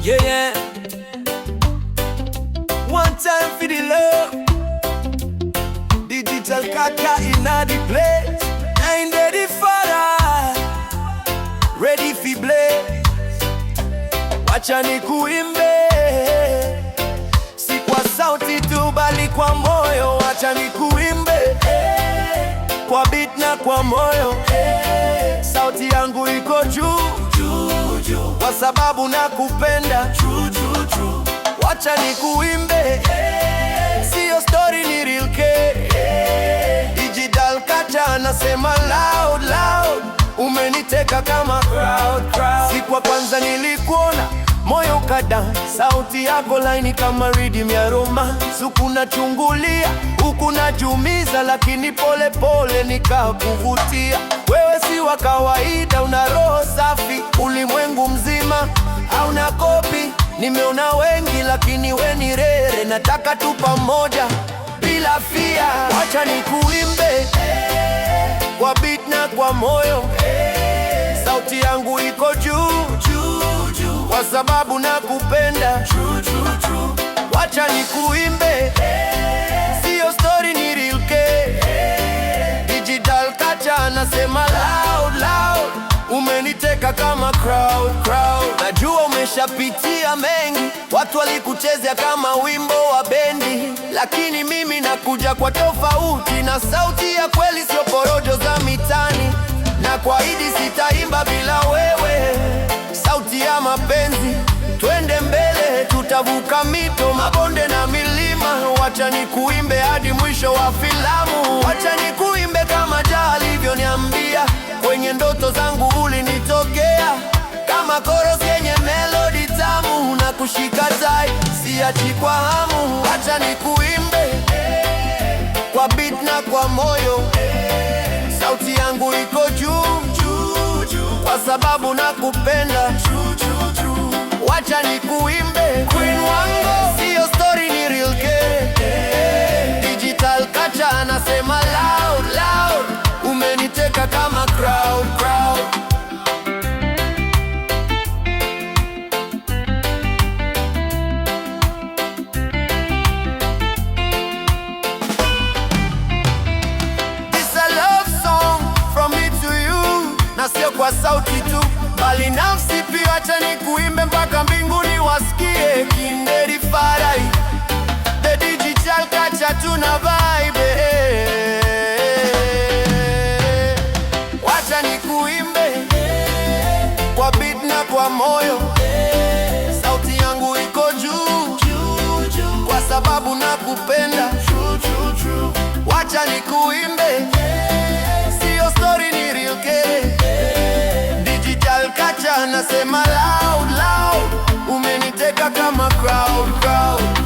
Yeah, yeah. One time for the love. Digital Kaka in the place. Ain't ready for that. Ready for blaze. Watch any kuimbe. Si kwa sauti tu bali kwa moyo. Wacha ni kuimbe. Kwa beat na kwa moyo. Sauti yangu iko juu kwa sababu nakupenda. True, true, true. Wacha nikuimbe, yeah. Siyo story, ni real case, yeah. Digital Kacha anasema loud, loud. Umeniteka kama crowd, crowd. Siku kwanza nilikuona moyo kada, sauti yako laini kama rhythm ya Roma. Sukuna chungulia huku najumiza, lakini pole pole nikakuvutia. Wewe si wa kawaida, una roho safi ulimwengu una kopi, nimeona wengi lakini we ni rere. Nataka tu pamoja bila fia, wacha nikuimbe kwa beat na kwa moyo, sauti yangu iko juu kwa sababu nakupenda. Wacha nikuimbe, sio story, ni real. Digital Kacha anasema la umeniteka kama crowd, crowd. Najua umeshapitia mengi, watu walikuchezea kama wimbo wa bendi, lakini mimi nakuja kwa tofauti na sauti ya kweli, sio porojo za mitani, na idi sitaimba bila wewe, sauti ya mapenzi. Twende mbele, tutavuka mito, mabonde na milima, wacha nikuimbe hadi mwisho wa filamu. kushika tai, siachi kwa hamu, acha nikuimbe kwa beat na kwa moyo, sauti yangu iko juu kwa sababu nakupenda, wacha nikuimbe Queen wangu, siyo story, ni real game. Digital Kacha anasema loud loud, umeniteka kama crowd crowd kwa sauti tu, bali nafsi pia. Acha kuimbe mpaka mbinguni wasikie, kinderi farai the digital kacha tuna vibe. Eh. Wacha nikuimbe kwa beat na kwa moyo, sauti yangu iko juu kwa sababu nakupenda. Wacha nikuimbe Nasema loud, loud, umeniteka kama crowd, crowd.